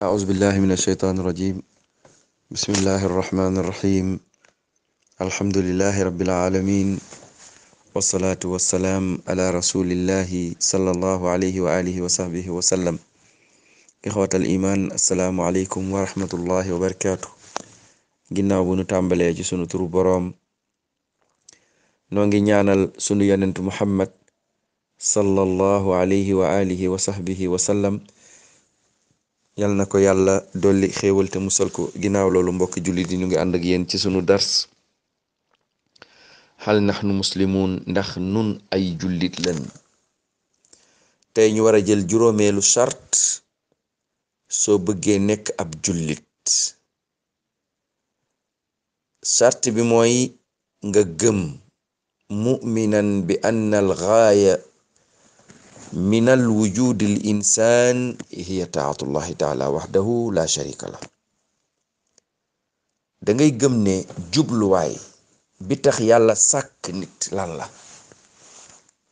أعوذ بالله من الشيطان الرجيم بسم الله الرحمن الرحيم الحمد لله رب العالمين والصلاة والسلام على رسول الله صلى الله عليه وآله وصحبه وسلم إخوة الإيمان السلام عليكم ورحمة الله وبركاته ginnaaw bu nu tàmbalee ci sunu turu boroom noo ngi ñaanal sunu yonent Muhammad sallallahu alayhi wa alihi wa sahbihi wa sallam yal na ko yàlla dolli xéewal te musal ko ginnaaw loolu mbokk jullit yi ñu ngi ànd ak yéen ci sunu dars hal nahnu muslimun ndax nun ay jullit lañ tey ñu war a jël juróomeelu charte soo bëggee nekk ab jullit sart bi mooy nga gëm mu'minan bi anna al gaaya min al wujudi l insan waxdahu la sharika la da ngay gëm ne jubluwaay bi tax yàlla sàkk nit lan la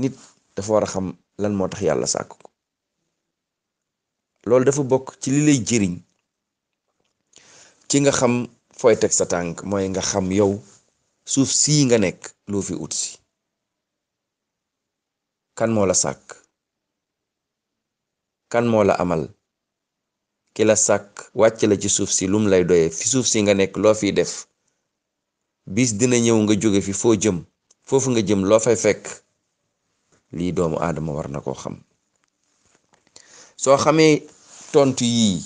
nit dafa war a xam lan moo tax yàlla sàkk ko loolu dafa bokk ci li lay jëriñ ci nga xam fooy teg sa tànk mooy nga xam yow suuf sii nga nekk loo fi ut si kan moo la sàkk kan moo la amal ki la sàkk wàcc la ci suuf si lum lay doyee fi suuf si nga nekk loo fii def bis dina ñëw nga jóge fi foo jëm foofu nga jëm loo fay fekk lii doomu aadama war na koo xam soo xamee tontu yii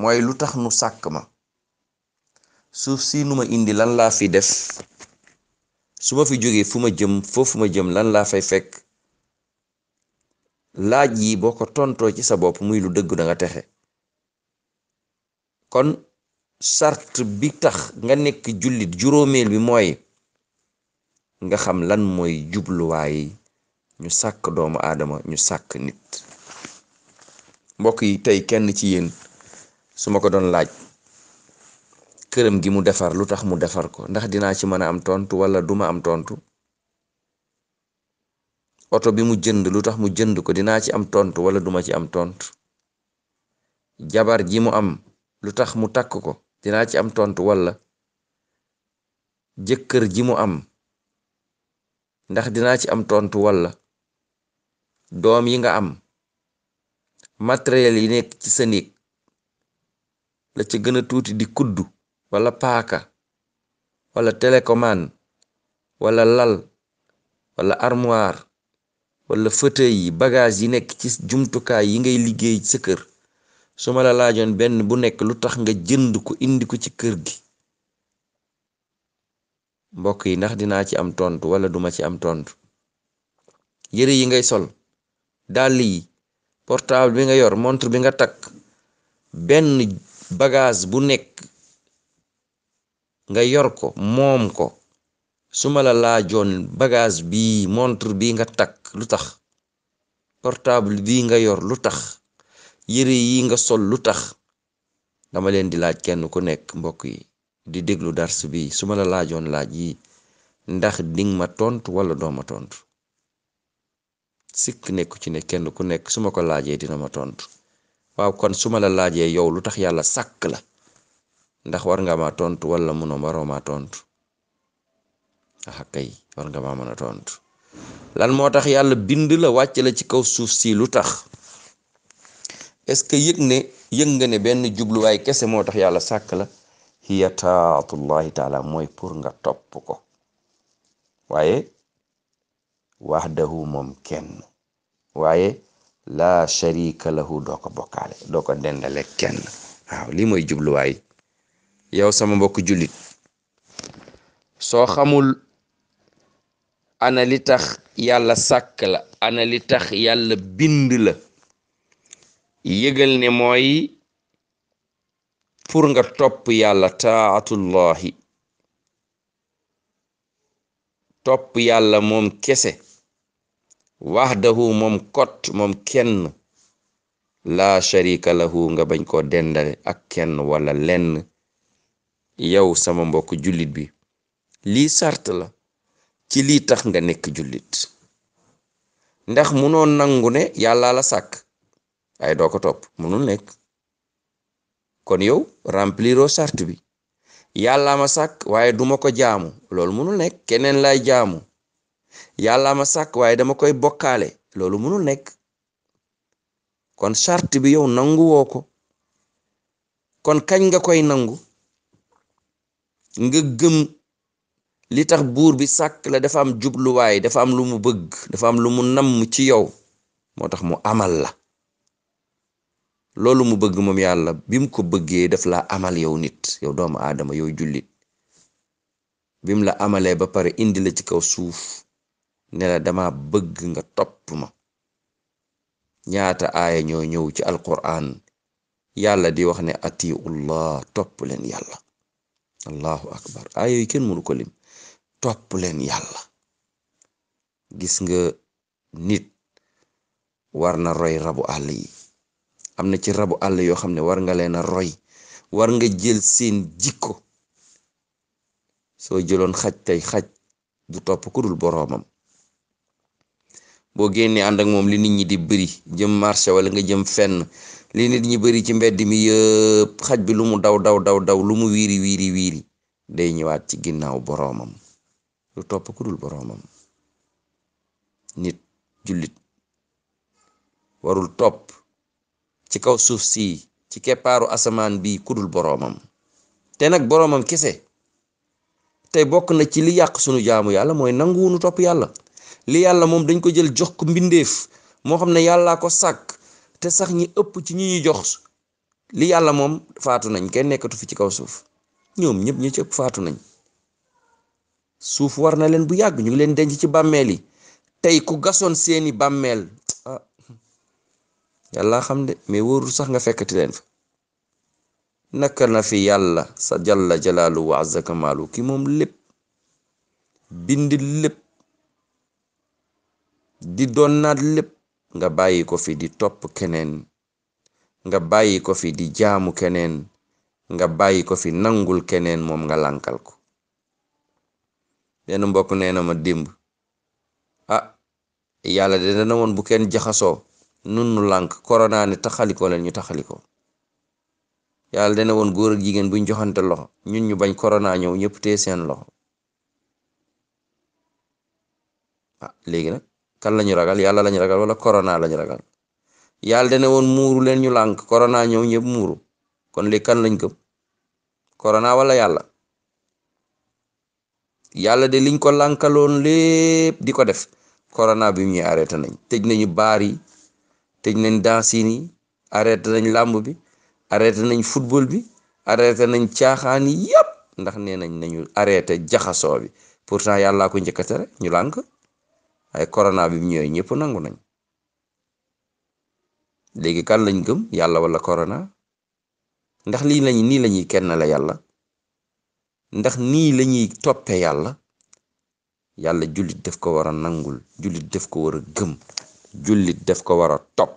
mooy lu tax nu sàkk ma suuf si nu ma indi lan laa fi def su ma fi jógee fu ma jëm foofu ma jëm lan laa fay fekk laaj yi boo ko tontoo ci sa bopp muy lu dëgg da nga texe kon sart bi tax nga nekk jullit juróomeel bi mooy nga xam lan mooy jubluwaay ñu sàkk doomu aadama ñu sàkk nit mbokk yi tey kenn ci yéen suma ko doon laaj këram gi mu defar lu tax mu defar ko ndax dinaa ci mën a am tontu wala duma am tontu oto bi mu jënd lu tax mu jënd ko dinaa ci am tontu wala duma ci am tontu jabar ji mu am lu tax mu takk ko dinaa ci am tontu wala jëkkër ji mu am ndax dinaa ci am tontu wala doom yi nga am matériel yi nekk ci sa néeg la ci gën a tuuti di kuddu wala paaka wala télécommande wala lal wala armoire wala fauteuil yi bagage yi nekk ci jumtukaay yi ngay liggéey sa kër su ma la laajoon benn bu nekk lu tax nga jënd ko indi ko ci kër gi mbokk yi ndax dinaa ci am tontu wala duma ci am tontu yëre yi ngay sol dàll yi portable bi nga yor montre bi nga takk benn bagage bu nekk nga yor ko moom ko su ma la laajoon bagage bi montre bi nga takk lu tax portable bi nga yor lu tax yére yi nga sol lu tax dama leen di laaj kenn ku nekk mbokk yi di déglu dars bi su ma la laajoon laaj yi ndax ding ma tontu wala doo ma tontu sikk nekku ci ne kenn ku nekk su ma ko laajee dina ma tontu waaw kon su ma la laajee yow lu tax yàlla sàkk la ndax war nga ma tontu wala munoo waroo ma tontu a kay war nga maa mën a tontu lan moo tax yàlla bind la wàcc la ci kaw suuf si lu tax est-ce que yëg ne yëg nga ne benn jubluwaay kese moo tax yàlla sàkk la hiya taatullahi taala mooy pour nga topp ko waaye wahdahu moom kenn waaye laa sharika lahu doo ko bokkaale dendale kenn lii mooy jubluwaay yow sama mbokk jullit soo xamul ana li tax yàlla sàkk la ana li tax yàlla bind la yëgal ne mooy pour nga topp yàlla taatullahi topp yàlla moom kese wahdahu moom kot moom kenn laa lahu nga bañ koo dendale ak kenn wala lenn yow sama mbokk jullit bi lii sart ci lii tax nga nekk jullit ndax munoo nangu ne yàllaa la sàkk waaye doo ko topp munul nekk kon yow rempliro sart bi yàllaa ma sàkk waaye duma ko jaamu loolu munul nekk keneen lay jaamu yàllaa ma sàkk waaye dama koy bokkaale loolu munul nekk kon sart bi yow nangu woo ko kon kañ nga koy nangu nga li tax buur bi sàkk la dafa am jubluwaay dafa am lu mu bëgg dafa am lu mu namm ci yow moo tax mu amal la loolu mu bëgg moom yàlla bi mu ko bëggee daf la amal yow nit yow doomu aadama yow jullit bi la amalee ba pare indi la ci kaw suuf ne dama bëgg nga topp ma ñaata aaya ñoo ñëw ci alquran yàlla di wax ne atiullah topp leen yàlla allahu akbar aaya yi kenn mënu ko lim topp leen yàlla gis nga nit war na roy rabu àll yi am na ci rabu àll yoo xam ne war nga leen a roy war nga jël seen jikko soo jëloon xaj tey xaj du topp ku dul boroomam boo génnee ànd moom li nit ñi di bëri jëm marché wala nga jëm fenn li nit ñi bëri ci mbedd mi yëpp xaj bi lu mu daw daw daw daw lu mu wiiri wiiri wiiri day ñëwaat ci ginnaaw boroomam lu topp kudul dul nit jullit warul topp ci kaw suuf si ci keppaaru asamaan bi kudul dul boroomam te nag boroomam kese te bokk na ci li yàq sunu jaamu yàlla mooy nanguwunu topp yàlla li yàlla moom dañ ko jël jox ko mbindeef moo xam ne yàllaa ko sàkk te sax ñi ëpp ci ñi ñuy jox li yàlla moom faatu nañ kenn nekkatu fi ci kaw suuf ñoom ñëpp ñi ci ëpp faatu nañ suuf war na leen bu yàgg ñu ngi leen denc ci bàmmeel yi tey ku gasoon seeni bàmmeel ah xam de mais wóorul sax nga fekkati leen fa naka na fi yàlla sa jalla jalaalu wa azza kamaalu ki moom lépp bindi lépp di doon naat lépp nga bàyyi ko fi di topp keneen nga bàyyi ko fi di jaamu keneen nga bàyyi ko fi nangul keneen moom nga lankal ko benn mbokk nee na ma démb ah yàlla de dana woon bu kenn jaxasoo nun nu lànk korona ne taxalikoo leen ñu taxaliko yàlla dana woon góor ak jigéen buñ joxante loxo ñun ñu bañ korona ñëw ñépp tee seen loxo ah, léegi nag kan la ñu ragal yàlla la ñu ragal wala corona la ñu ragal yàlla dana woon muuru leen ñu lànk korona ñow ñëpp muuru kon li kan lañ gëm corona wala yàlla yàlla de liñ ko lànkaloon lépp di ko def corona bi ñuy arrêté nañ tëj nañu baar yi tëj nañ dansin yi arrêté nañ làmb bi arrêté nañ football bi arrêté nañ caaxaan yi ndax ne nañ nañu arrêté jaxasoo bi pourtant yàllaa ko njëkk a ñu lànk ay corona bi mu ñëwee ñëpp nangu nañ léegi kan lañ gëm yàlla walla korona ndax lii lañ nii lañuy kenn la yàlla ndax nii lañuy topp yàlla yàlla jullit daf ko war a nangul jullit daf ko war a gëm jullit daf ko war a topp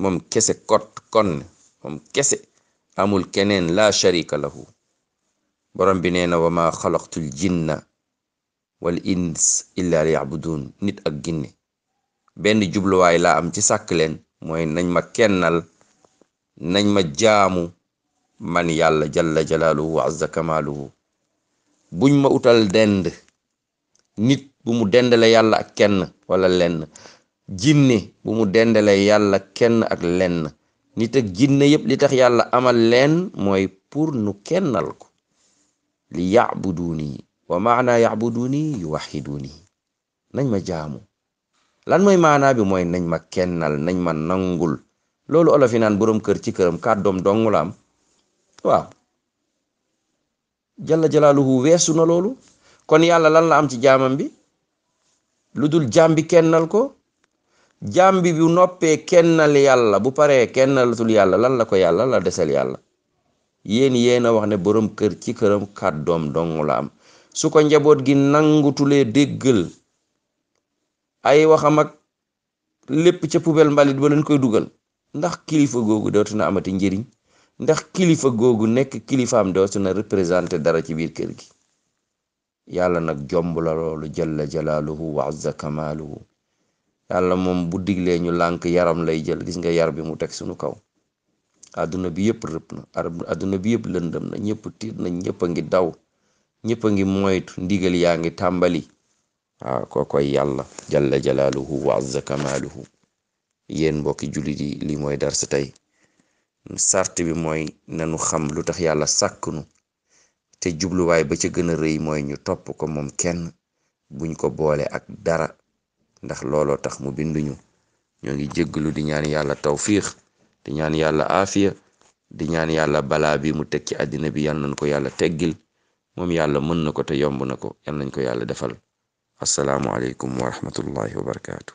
moom kese kot kon moom kese amul keneen la sharika lahu borom bi nee na wa ma xalaqtul jinna wal ins illa liyabudun nit ak ginne benn jubluwaay laa am ci sàkk leen mooy nañ ma kennal nañ ma jaamu man yàlla jalla jalaaluhu wa azza kamaaluhu buñ ma utal dend nit bu mu dendale yàlla ak kenn walla lenn jinne bu mu dendale yàlla kenn ak lenn nit ak jinne yépp li tax yàlla amal leen mooy pour nu kennal ko li yabuduni wa maana yacbuduni ni nañ ma jaamu lan mooy maanaa bi mooy nañ ma kennal nañ ma nangul loolu olof yi naan boroom kër ci këram kàddoom dong la am waaw jalla jalaaluhu weesu na loolu kon yàlla lan la am ci jaamam bi lu dul jaam bi kennal ko jaam bi bu noppee kennal yàlla bu paree kennalatul yàlla lan la ko yàlla la desel yàlla yéen yéen wax ne boroom kër ci këram kàddoom dong am su ko njaboot gi nangutulee déggal ay waxam ak lépp ca poubelle mbalit ba leen koy dugal ndax kilifa googu dootu na amati njëriñ ndax kilifa googu nekk kilifaam dootu na représenté dara ci biir kër gi yàlla nag jomb la loolu jalla jalaaluhu wa azza kamaaluhu yàlla moom bu diglee ñu lank yaram lay jël gis nga yar bi mu teg suñu kaw àdduna bi yëpp rëpp na àdduna bi yëpp lëndam na ñëpp tiit na ñëpp a ngi daw ñëpp a ngi moytu ndigal yaa ngi tàmbali waaw ah, kookoy yàlla jalla jalaaluhu wa azza kamaaluhu yéen mbokki jullit yi lii mooy darsa tey sart bi mooy nanu xam lu tax yàlla sàkk nu te jubluwaay ba ca gën a rëy mooy ñu topp ko moom kenn buñ ko boole ak dara ndax looloo tax mu binduñu ñoo ngi jégglu di ñaan yàlla tawfiix di ñaan yàlla aafiya di ñaan yàlla balaa bi mu teg ci àddina bi yal nañ ko yàlla teggil moom yàlla mën na ko te yomb na ko yal nañ ko yàlla defal asalaamualeykum wa rahmatullahi wa barakaatu.